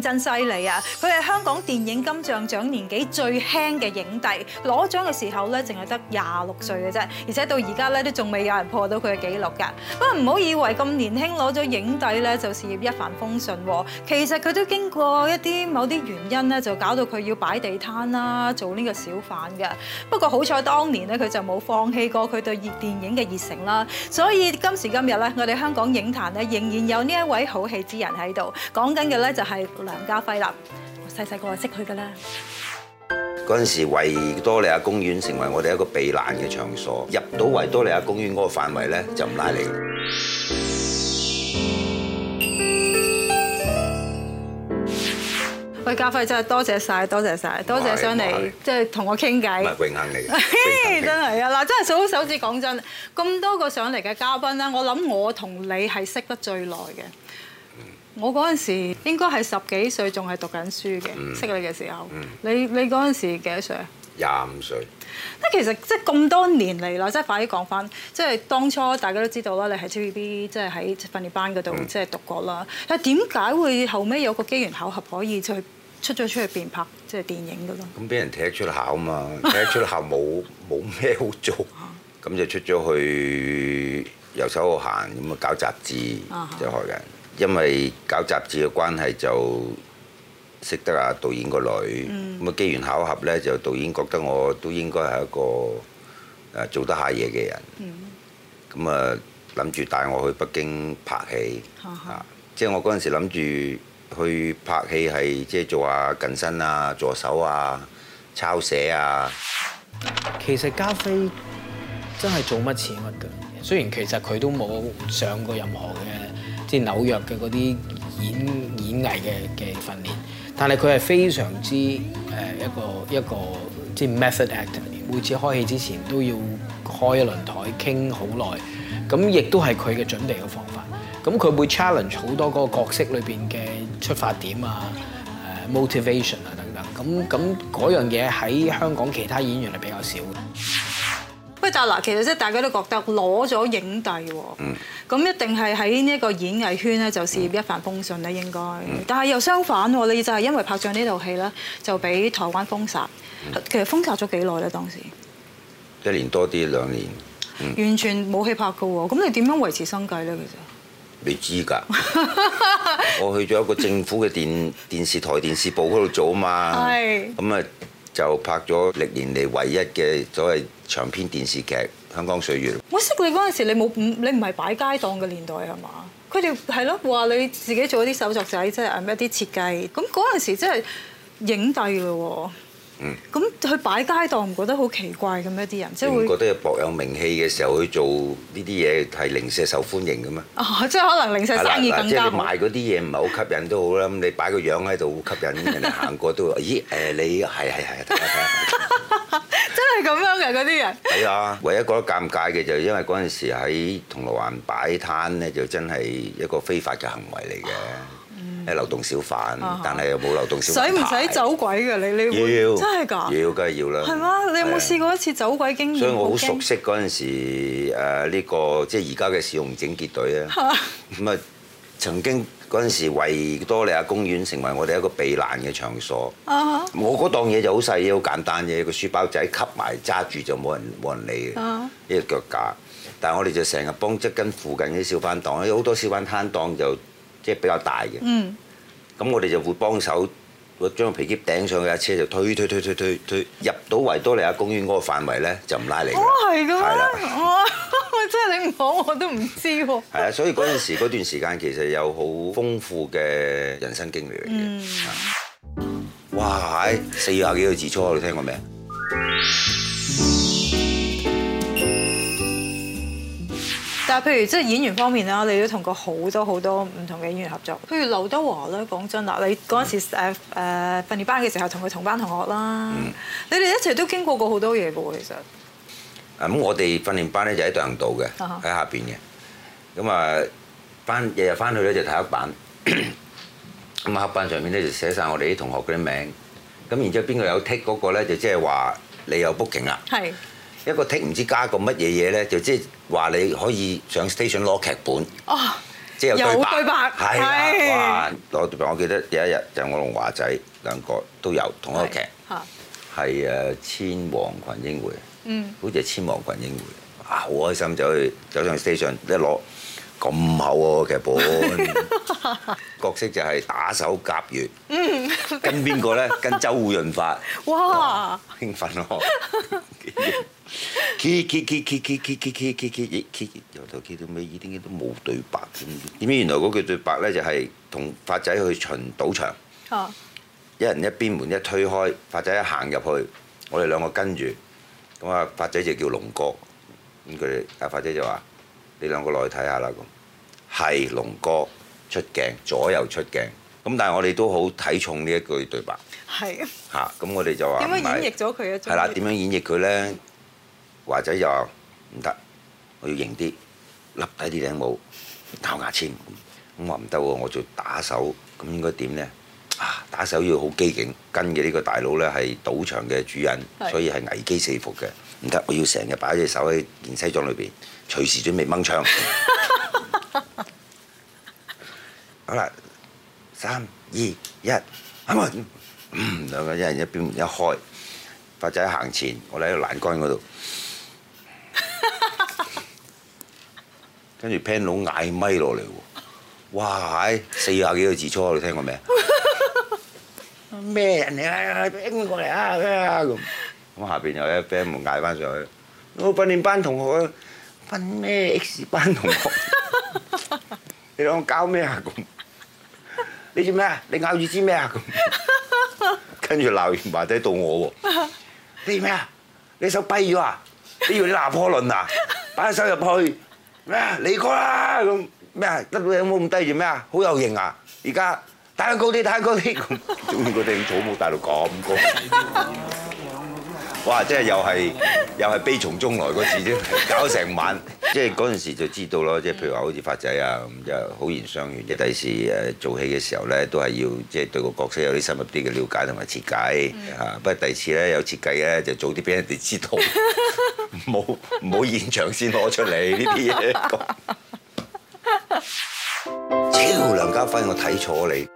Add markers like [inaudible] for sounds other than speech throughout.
真犀利啊！佢係香港電影金像獎年紀最輕嘅影帝，攞獎嘅時候咧，淨係得廿六歲嘅啫。而且到而家咧，都仲未有人破到佢嘅紀錄噶。不過唔好以為咁年輕攞咗影帝咧，就事業一帆風順喎。其實佢都經過一啲某啲原因咧，就搞到佢要擺地攤啦，做呢個小販㗎。不過好彩當年咧，佢就冇放棄過佢對電影嘅熱誠啦。所以今時今日咧，我哋香港影壇咧仍然有呢一位好戲之人喺度。講緊嘅咧就係。梁家輝啦，我細細個就識佢噶啦。嗰陣時，維多利亞公園成為我哋一個避難嘅場所。入到維多利亞公園嗰個範圍咧，就唔拉你。喂，家輝，真係多謝晒，多謝晒，多謝上嚟，即係同我傾偈。唔係，榮幸嚟嘅，真係啊！嗱，真係數手指，講真，咁多個上嚟嘅嘉賓咧，我諗我同你係識得最耐嘅。我嗰陣時應該係十幾歲，仲係讀緊書嘅，識你嘅時候。嗯、你你嗰陣時幾多歲啊？廿五歲。咁 25 歲 其實即係咁多年嚟啦，即係快啲講翻，即、就、係、是、當初大家都知道啦，你喺 TVB 即係喺訓練班嗰度即係讀過啦。嗯、但係點解會後尾有個機緣巧合可以即係出咗出去片拍即係、就是、電影嘅咧？咁俾人踢出校啊嘛！踢出校冇冇咩好做，咁 [laughs] 就出咗去遊手好閒咁啊，搞雜誌即係害人。Uh huh. 因為搞雜誌嘅關係就識得啊導演個女，咁啊、嗯、機緣巧合呢，就導演覺得我都應該係一個、呃、做得下嘢嘅人，咁啊諗住帶我去北京拍戲，嗯啊、即係我嗰陣時諗住去拍戲係即係做下近身啊、助手啊、抄寫啊。其實家輝真係做乜似乜㗎，雖然其實佢都冇上過任何嘅啲紐約嘅嗰啲演演藝嘅嘅訓練，但係佢係非常之誒、呃、一個一個即係 method act，每次開戲之前都要開一輪台傾好耐，咁亦都係佢嘅準備嘅方法。咁佢會 challenge 好多個角色裏邊嘅出發點啊、誒、啊、motivation 啊等等。咁咁嗰樣嘢喺香港其他演員係比較少嘅。喂，但嗱，其實即係大家都覺得攞咗影帝喎，咁、嗯、一定係喺呢一個演藝圈咧，就是一帆風順咧，應該。嗯、但係又相反喎，你就係因為拍咗呢套戲咧，就俾台灣封殺。嗯、其實封殺咗幾耐咧？當時一年多啲兩年，嗯、完全冇戲拍噶喎。咁你點樣維持生計咧？其實未知㗎。 [laughs] 我去咗一個政府嘅電 [laughs] 電視台、電視部嗰度做啊嘛。係的。咁啊，就拍咗歷年嚟唯一嘅所謂。長篇電視劇《香港歲月》哦。我識你嗰陣時你，你冇你唔係擺街檔嘅年代係嘛？佢哋係咯話你自己做一啲手作仔，即係咩啲設計。咁嗰陣時真係影帝咯。嗯。咁佢擺街檔唔覺得好奇怪嘅一啲人即係會覺得有博有名氣嘅時候去做呢啲嘢係零舍受歡迎嘅咩、哦？即係可能零舍生意更加、嗯。即係賣嗰啲嘢唔係好吸引都好啦。咁 [laughs] 你擺個樣喺度好吸引，人哋行過都會咦誒、呃？你係係係。 [laughs] 真係咁樣嘅嗰啲人，係啊！唯一覺得尷尬嘅就係因為嗰陣時喺銅鑼灣擺攤咧，就真係一個非法嘅行為嚟嘅，係、啊嗯、流動小販，啊啊、但係又冇流動小販牌。使唔使走鬼㗎？你你真係㗎？要，梗係要啦。係嘛？你有冇試過一次走鬼經驗？的所以我好熟悉嗰陣時呢、呃這個即係而家嘅市容整潔隊啊。係嘛？咁啊，曾經。嗰陣時，維多利亞公園成為我哋一個避難嘅場所、uh。Huh. 我嗰檔嘢就好細好簡單嘅，一個書包仔吸埋揸住就冇人冇人理嘅。呢、uh huh. 個腳架，但係我哋就成日幫即係跟附近啲小販檔，因為好多小販攤檔就即係、就是、比較大嘅。咁、uh huh. 我哋就會幫手個將皮夾頂上去架車，就推推推推推推入到維多利亞公園嗰個範圍咧，就唔拉你嘅。係啊！ [laughs] 真係你唔講我都唔知喎、啊。係啊，所以嗰陣時嗰段時間其實有好豐富嘅人生經歷嚟嘅、嗯。哇，係四月廿幾個字初，你聽過未啊？嗯、但係譬如即係演員方面啦，你都同過好多好多唔同嘅演員合作，譬如劉德華啦，講真啊，你嗰陣時誒誒訓練班嘅時候同佢同班同學啦，嗯、你哋一齊都經過過好多嘢嘅喎，其實。咁我哋訓練班咧就喺度恒道嘅，喺下邊嘅。咁啊，班日日翻去咧就睇黑板，咁啊黑板上面咧就寫晒我哋啲同學嗰啲名。咁然之後邊、那個有 tick 嗰個咧就即係話你有 booking 啦是。係一個 tick 唔知加個乜嘢嘢咧就即係話你可以上 station 攞劇本。哦、啊，即係有對白。有對白。係哇，攞對白。我記得有一日就是、我同華仔兩個都有同一個劇，係誒千王群英會。嗯，好似係千王群英會啊！好開心，走去走上 station 一攞咁厚喎劇本，角色就係打手甲乙，嗯，跟邊個咧？跟周潤發，哇！興奮咯！啲啲啲由頭到尾依啲都冇對白，點知原來嗰句對白咧就係同發仔去巡賭場，一人一邊門一推開，發仔一行入去，我哋兩個跟住。咁啊，發仔就叫龍哥，咁佢阿發仔就話：你兩個落去睇下啦。咁係龍哥出鏡，左右出鏡。咁但係我哋都好睇重呢一句對白。係是的。嚇！咁我哋就話點樣演繹咗佢啊？係啦，點樣演繹佢咧？華仔就話唔得，我要型啲，笠低啲頂帽，咬牙籤。咁話唔得喎，我做打手，咁應該點咧？啊！打手要好機警，跟嘅呢個大佬呢係賭場嘅主人，是所以係危機四伏嘅。唔得，我要成日擺一隻手喺件西裝裏邊，隨時準備掹槍。 [laughs] 好啦，三二一，阿、嗯、文，兩個一人一邊門一開，發仔行前，我嚟喺個欄杆嗰度，跟住 Panel 嗌咪落嚟喎。哇！唉，四廿幾個字初，你聽過未啊？咩人嚟啊？拎過嚟啊！咁咁下邊有一班人嗌翻上去，我訓練班同學訓咩 X 班同學？你兩講搞咩啊？咁你做咩啊？你咬住支咩啊？咁跟住鬧完話底到我喎。你做咩啊？你手跛咗啊？你要啲拿破崙啊？擺手入去咩？你哥啦咁咩？得個有冇咁低住咩啊？好有型啊！而家。打個高啲，打高啲，中意嗰頂草帽大到咁高，哇！即係又係又係悲從中來嗰次啫，搞成晚，即係嗰陣時就知道咯。即係譬如話好似發仔啊咁，就好言相勸。即係第時誒做戲嘅時候咧，都係要即係對個角色有啲深入啲嘅了解同埋設計嚇。嗯、不過第二次咧有設計咧，就早啲俾人哋知道，唔好唔好現場先攞出嚟呢啲嘢講。超梁家輝，我睇錯你。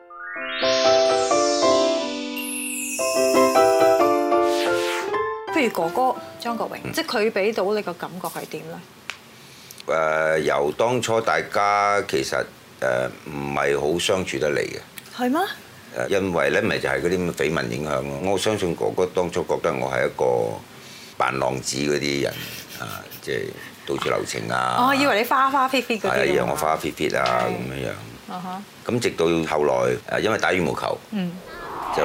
譬如哥哥張國榮，嗯、即係佢俾到你個感覺係點咧？誒，由當初大家其實誒唔係好相處得嚟嘅，係嗎？因為咧咪就係嗰啲緋聞影響咯。我相信哥哥當初覺得我係一個扮浪子嗰啲人啊，即係到處留情啊。哦，以為你花花非非嗰啲，係啊，我花花非非啊，咁樣的樣。咁、uh huh. 直到後來，誒因為打羽毛球，嗯、就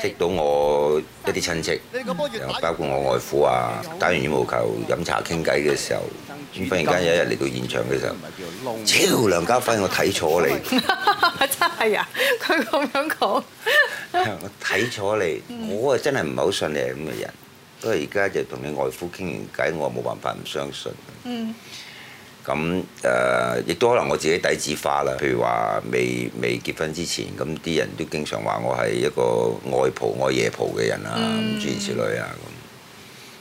識到我一啲親戚秀，包括我外父啊，打完羽毛球飲茶傾偈嘅時候，忽、嗯、然，然間有一日嚟到現場嘅時候，超，梁家輝，我睇錯你， [laughs] 笑真係啊！佢咁樣講， [laughs] [laughs] 我睇錯你，嗯、我啊真係唔係好信你係咁嘅人，不過而家就同你外父傾完偈，我冇辦法唔相信。嗯。咁誒、呃，亦都可能我自己底子化啦。譬如話未未結婚之前，咁啲人都經常話我係一個愛蒲愛夜蒲嘅人啊，咁諸如此類啊。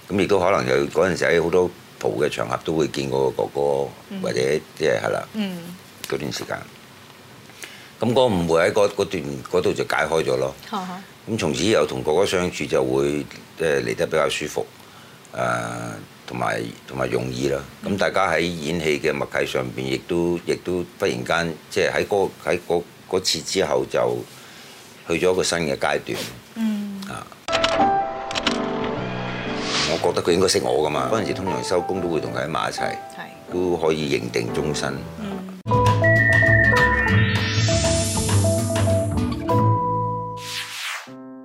咁咁亦都可能有嗰陣時喺好多蒲嘅場合都會見過哥哥，嗯、或者即係係啦。嗯，嗰段時間，咁、那、嗰個誤會喺嗰段嗰度就解開咗咯。咁從此以後同哥哥相處就會即係嚟得比較舒服。誒、呃。同埋同埋容易啦，咁、嗯、大家喺演戲嘅默契上邊，亦都亦都忽然間，即係喺嗰喺次之後，就去咗一個新嘅階段。嗯，啊，我覺得佢應該識我㗎嘛。嗰陣時通常收工都會同佢喺埋一齊，的都可以認定終身。嗯，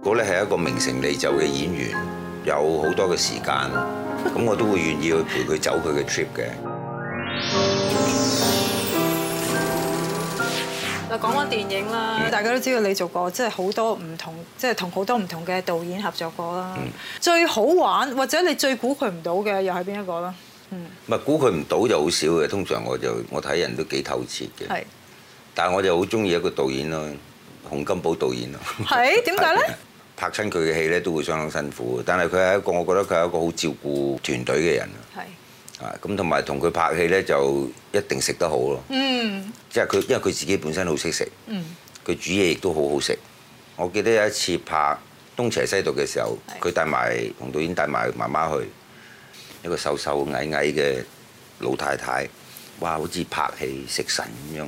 嗰咧係一個名成利就嘅演員，有好多嘅時間。咁 [laughs] [noise] 我都會願意去陪佢走佢嘅 trip 嘅。嗱，講翻電影啦，嗯、大家都知道你做過即係好多唔同，即係同好多唔同嘅導演合作過啦。嗯、最好玩或者你最估佢唔到嘅又係邊一個啦？嗯，唔係估佢唔到就好少嘅，通常我就我睇人都幾透徹嘅。係是，但係我就好中意一個導演咯，洪金寶導演咯。係點解咧？ [laughs] 拍親佢嘅戲咧，都會相當辛苦。但係佢係一個，我覺得佢係一個好照顧團隊嘅人。係啊是，咁同埋同佢拍戲咧，就一定食得好咯。嗯，即係佢，因為佢自己本身、嗯、好識食。佢煮嘢亦都好好食。我記得有一次拍《東邪西毒》嘅時候，佢是帶埋洪導演帶埋媽媽去，一個瘦瘦矮矮嘅老太太，哇！好似拍戲食神咁樣，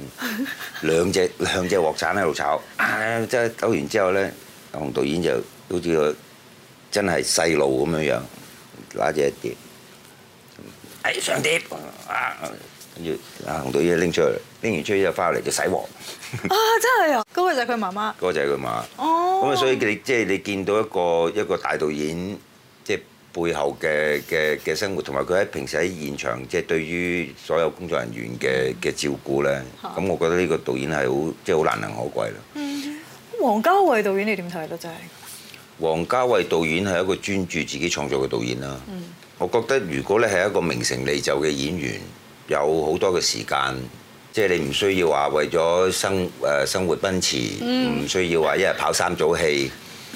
兩隻， [laughs] 兩隻兩隻鑊鏟喺度炒，即係兜完之後咧。洪導演就好似個真係細路咁樣樣，攞住一碟，係、哎、上碟，啊，跟住啊，洪導演拎出嚟，拎完出嚟之後就翻嚟就洗鑊。 [laughs] 啊！真係啊，嗰、那個就係佢媽媽。嗰個就係佢媽媽。哦。咁啊，所以你即係、就是、你見到一個一個大導演，即、就、係、是、背後嘅嘅嘅生活，同埋佢喺平時喺現場，即、就、係、是、對於所有工作人員嘅嘅照顧咧。嚇、嗯。咁我覺得呢個導演係好，即係好難能可貴咯。嗯。王家衛導演你點睇咧？真係王家衛導演係一個專注自己創作嘅導演啦。嗯、我覺得如果你係一個名成利就嘅演員，有好多嘅時間，即係你唔需要話為咗生誒、呃、生活奔馳，唔、嗯、需要話一日跑三組戲，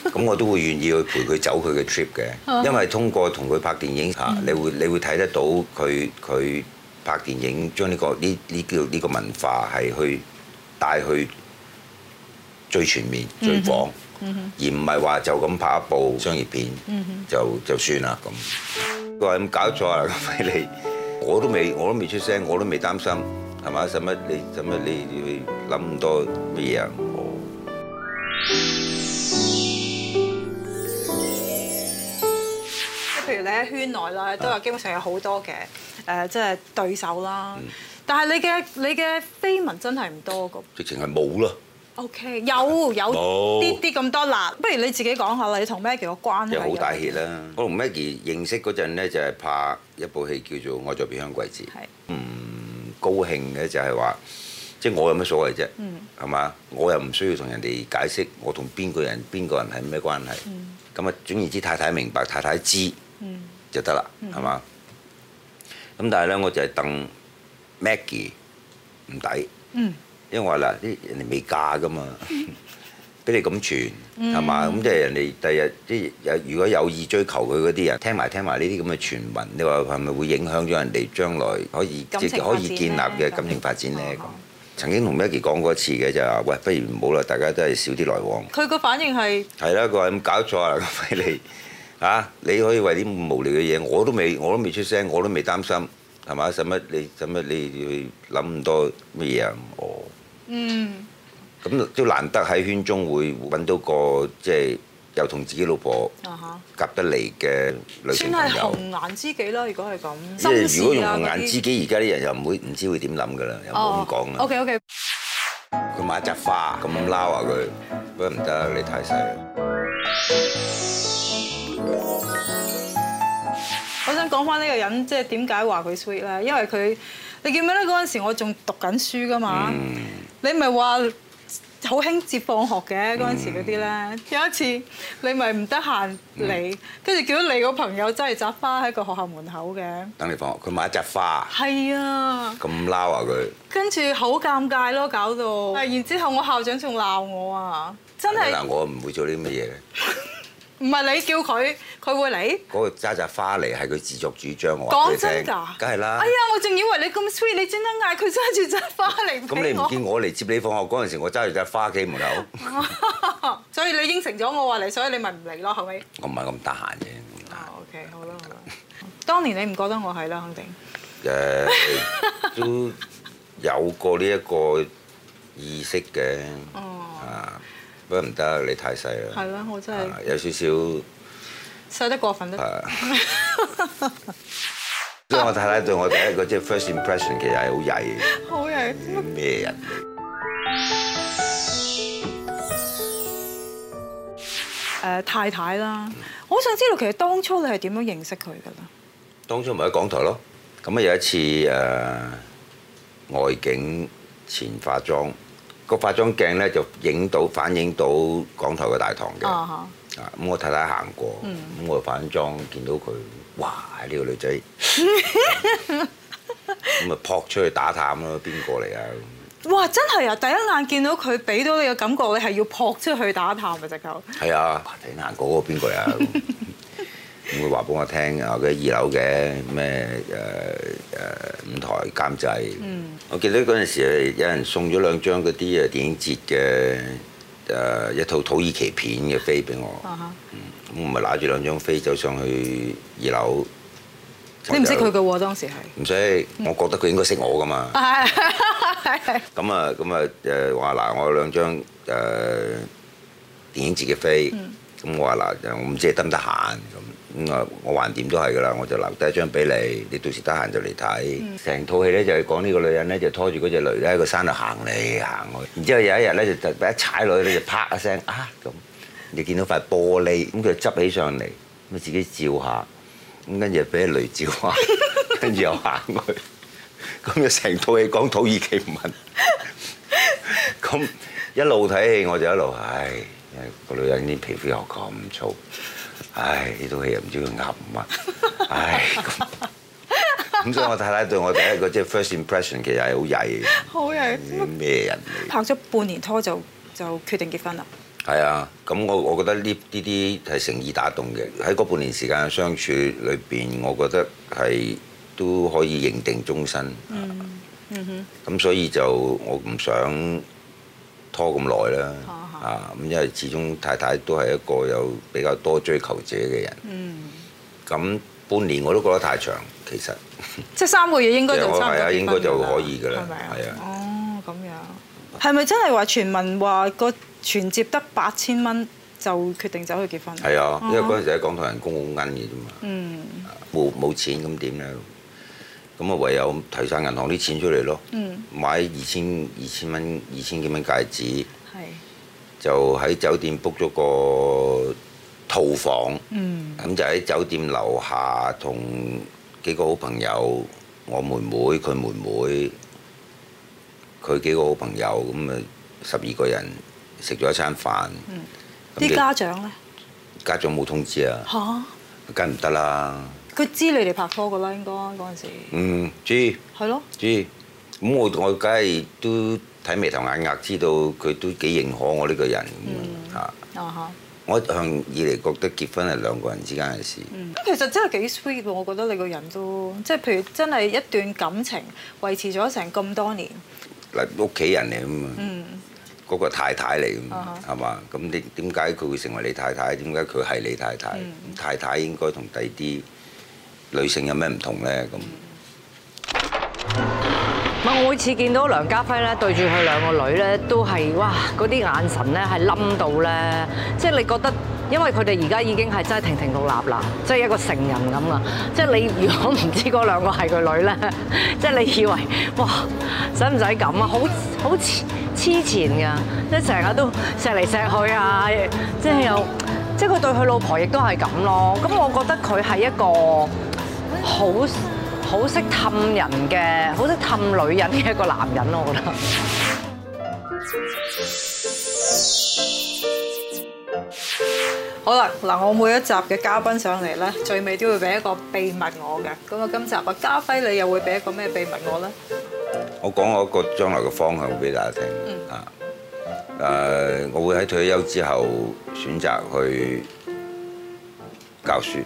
咁我都會願意去陪佢走佢嘅 trip 嘅。 [laughs] 因為通過同佢拍電影，吓、嗯、你會你會睇得到佢佢拍電影將呢、呢個呢呢叫呢個文化係去帶去，最全面、最廣，而唔係話就咁拍一部商業片就就算啦咁。佢話咁搞錯啦，咁你，我都未我都未出聲，我都未擔心，係咪？使乜你使乜你諗咁多乜嘢啊？即係譬如你喺圈內咧，都有基本上有好多嘅誒，即係對手啦。但係你嘅你嘅緋聞真係唔多咁，直情係冇咯。O.K. 有有啲啲咁多辣，不如你自己講下啦。你同 Maggie 個關係有好大 heat 啦。我同 Maggie 認識嗰陣咧，就係、是、拍一部戲叫做《愛在別鄉季節》，唔是、嗯、高興嘅就係話，即、就、係、是就是、我有咩所謂啫，係嘛、嗯？我又唔需要同人哋解釋我同邊個人邊個人係咩關係。咁啊、嗯，總而言之，太太明白，太太知、嗯、就得啦，係嘛、嗯？咁但係咧，我就係鄧 Maggie 唔抵。嗯因為嗱啲人哋未嫁噶嘛，俾你咁傳係嘛？咁即係人哋第日即係有如果有意追求佢嗰啲人，聽埋聽埋呢啲咁嘅傳聞，你話係咪會影響咗人哋將來可以可以建立嘅感情發展咧？咁、嗯嗯嗯、曾經同 Maggie 講過一次嘅就係話：喂，不如唔好啦，大家都係少啲來往。佢個反應係係啦，佢話咁搞錯啦，咁你嚇你可以為啲無聊嘅嘢，我都未我都未，我都未出聲，我都未擔心係嘛？使乜你使乜你要諗咁多乜嘢啊？我。」嗯，咁都難得喺圈中會揾到個即係又同自己老婆夾得嚟嘅女性朋友，算係紅顏知己啦。如果係咁，啊、即係如果用紅顏知己，而家啲人又唔會唔知會點諗噶啦，又冇咁講。O K O K，佢買一扎花咁撈啊佢，不過唔得，你太細。我想講翻呢個人，即係點解話佢 sweet 咧？因為佢你記唔記得嗰陣時我仲讀緊書㗎嘛？嗯你咪話好興接放學嘅嗰陣時嗰啲咧，嗯、有一次你咪唔得閒嚟，跟住見到你個朋友真係摘花喺個學校門口嘅。等你放學，佢買一隻花。係是啊。咁撈啊佢。跟住好尷尬咯，搞到。然之後我校長仲鬧我啊，真係。但我唔會做啲乜嘢咧。唔係你叫佢，佢會嚟？嗰個揸紮花嚟，係佢自作主張。我講真㗎，梗係啦。哎呀，我仲以為你咁 sweet，你專登嗌佢揸住扎花嚟。咁你唔見我嚟接你放學嗰陣時我我， [laughs] [laughs] 我揸住扎花企門口。所以你應承咗我話嚟，所以你咪唔嚟咯，係咪？我唔係咁得行嘅。OK，好啦好啦。 [laughs] 當年你唔覺得我係啦，肯定。誒、呃，都有過呢一個意識嘅。哦、 [laughs] 嗯。啊。都唔得，你太細啦。係咯，我真係有少少細得過分啦。所以我太太對我第一個即係 [laughs] first impression 其實係好曳。好曳。 [laughs] 咩人 [laughs] 麼？誒、uh, 太太啦，我想知道其實當初你係點樣認識佢噶啦？當初唔係喺港台咯，咁啊有一次誒、uh, 外景前化妝。個化妝鏡咧就影到反映到港台嘅大堂嘅，uh huh. 啊咁我太太行過，咁、mm hmm. 我化緊妝，妝見到佢，哇！呢個女仔，咁咪、 [laughs] 嗯、撲出去打探咯，邊個嚟啊？哇！真係啊，第一眼見到佢俾到你嘅感覺，你係要撲出去打探嘅隻狗。係啊，你下嗰個邊個呀？ [laughs] 會話俾我聽啊！佢二樓嘅咩誒誒舞台監製，嗯、我記得嗰陣時有人送咗兩張嗰啲誒電影節嘅誒、呃、一套土耳其片嘅飛俾我，咁唔係揦住兩張飛走上去二樓。你唔識佢嘅喎，當時係唔使，我覺得佢應該識我㗎嘛。咁啊咁啊誒話嗱，我有兩張誒、呃、電影節嘅飛。嗯咁我話嗱，我唔知你得唔得閒咁，咁啊我橫掂都係噶啦，我就留低一張俾你，你到時得閒就嚟睇。成套戲咧就係講呢個女人咧就拖住嗰隻雷喺個山度行嚟行去，然之後有一日咧就一踩落去你就啪一聲啊咁，你見到塊玻璃，咁佢就執起上嚟，咪自己照下，咁跟住俾雷照下，跟住又行過去，咁就成套戲講土耳其文，咁一路睇戲我就一路唉。個女人啲皮膚又咁粗，唉！呢套戲又唔知佢啱唔啱，唉！咁咁所以我太太對我第一個 [laughs] 即係 first impression 其實係好曳，好曳，咩人嚟？拍咗半年拖就就決定結婚啦。係啊，咁我我覺得呢呢啲係誠意打動嘅。喺嗰半年時間嘅相處裏邊，我覺得係都可以認定終身。咁、嗯哼、所以就我唔想拖咁耐啦。 [laughs] 啊咁，因為始終太太都係一個有比較多追求者嘅人。嗯。咁半年我都覺得太長，其實。即係三個月應該就差唔多啊，應該就可以㗎啦。係咪吧是啊？係啊。哦，咁樣係咪真係話傳聞話個存摺得八千蚊就決定走去結婚？係啊，因為嗰陣時喺港台人工好奀嘅啫嘛。嗯。冇冇錢咁點咧？咁啊唯有提晒銀行啲錢出嚟咯。嗯。買二千二千蚊二千幾蚊戒指。就喺酒店 book 咗個套房，咁、嗯、就喺酒店樓下同幾個好朋友，我妹妹佢妹妹，佢幾個好朋友，咁啊十二個人食咗一餐飯。啲、嗯、你家長咧，家長冇通知啊嚇，梗唔得啦！佢知你哋拍拖㗎喇，應該嗰陣時。嗯，知係咯，知咁咯我我梗係都。睇眉頭眼額知道佢都幾認可我呢個人咁樣嚇，我一向以嚟覺得結婚係兩個人之間嘅事、嗯。咁其實真係幾 sweet 喎，我覺得你個人都即係譬如真係一段感情維持咗成咁多年，嗱屋企人嚟㗎嘛，嗰、嗯、個太太嚟，係嘛、嗯？咁點點解佢會成為你太太？點解佢係你太太？嗯、太太應該同第二啲女性有咩唔同咧？咁、嗯？我每次見到梁家輝咧，對住佢兩個女咧，都係哇嗰啲眼神咧係冧到咧，即係你覺得，因為佢哋而家已經係真係亭亭玉立啦，即係一個成人咁啊！即係你如果唔知嗰兩個係佢女咧，即係你以為哇，使唔使咁啊？好好黐黐纏㗎，即係成日都錫嚟錫去啊！即係又，即係佢對佢老婆亦都係咁咯。咁我覺得佢係一個好好識氹人嘅，好識氹女人嘅一個男人咯，我覺得。好啦，嗱，我每一集嘅嘉賓上嚟咧，最尾都會俾一個秘密我嘅。咁啊，今集啊，家輝你又會俾一個咩秘密我咧？我講我一個將來嘅方向俾大家聽。嗯。啊。誒，我會喺退休之後選擇去教書。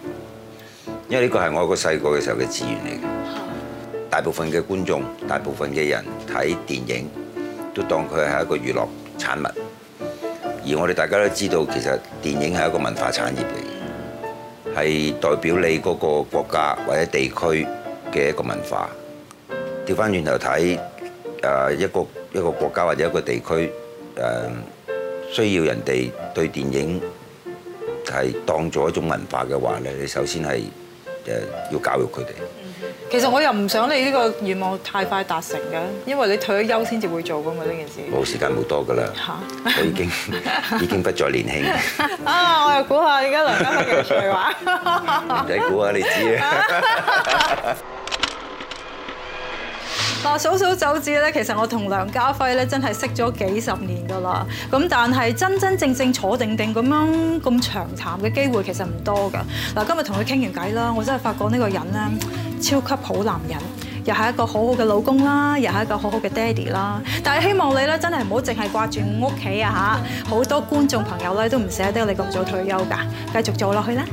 因為呢個係我一個細個嘅時候嘅資源嚟嘅。大部分嘅觀眾、大部分嘅人睇電影都當佢係一個娛樂產物，而我哋大家都知道，其實電影係一個文化產業嚟嘅，係代表你嗰個國家或者地區嘅一個文化。調翻轉頭睇，誒、呃、一個一個國家或者一個地區誒、呃、需要人哋對電影係當做一種文化嘅話咧，你首先係。誒，要教育佢哋，嗯，其實我又唔想你呢個願望太快達成嘅，因為你退咗休先至會做噶嘛呢件事。冇時間冇多噶啦，嚇、啊，我已經已經不再年輕。 [laughs] 啊，我又估下而家梁家輝嘅廢話，唔使估下，你知啊。 [laughs] 嗱，數數手指咧，其實我同梁家輝咧真係識咗幾十年噶啦。咁但係真真正正坐定定咁樣咁長談嘅機會其實唔多噶。嗱，今日同佢傾完偈啦，我真係發覺呢個人咧超級好男人，又係一個好好嘅老公啦，又係一個好好嘅爹哋啦。但係希望你咧真係唔好淨係掛住屋企啊嚇，好多觀眾朋友咧都唔捨得你咁早退休㗎，繼續做落去咧。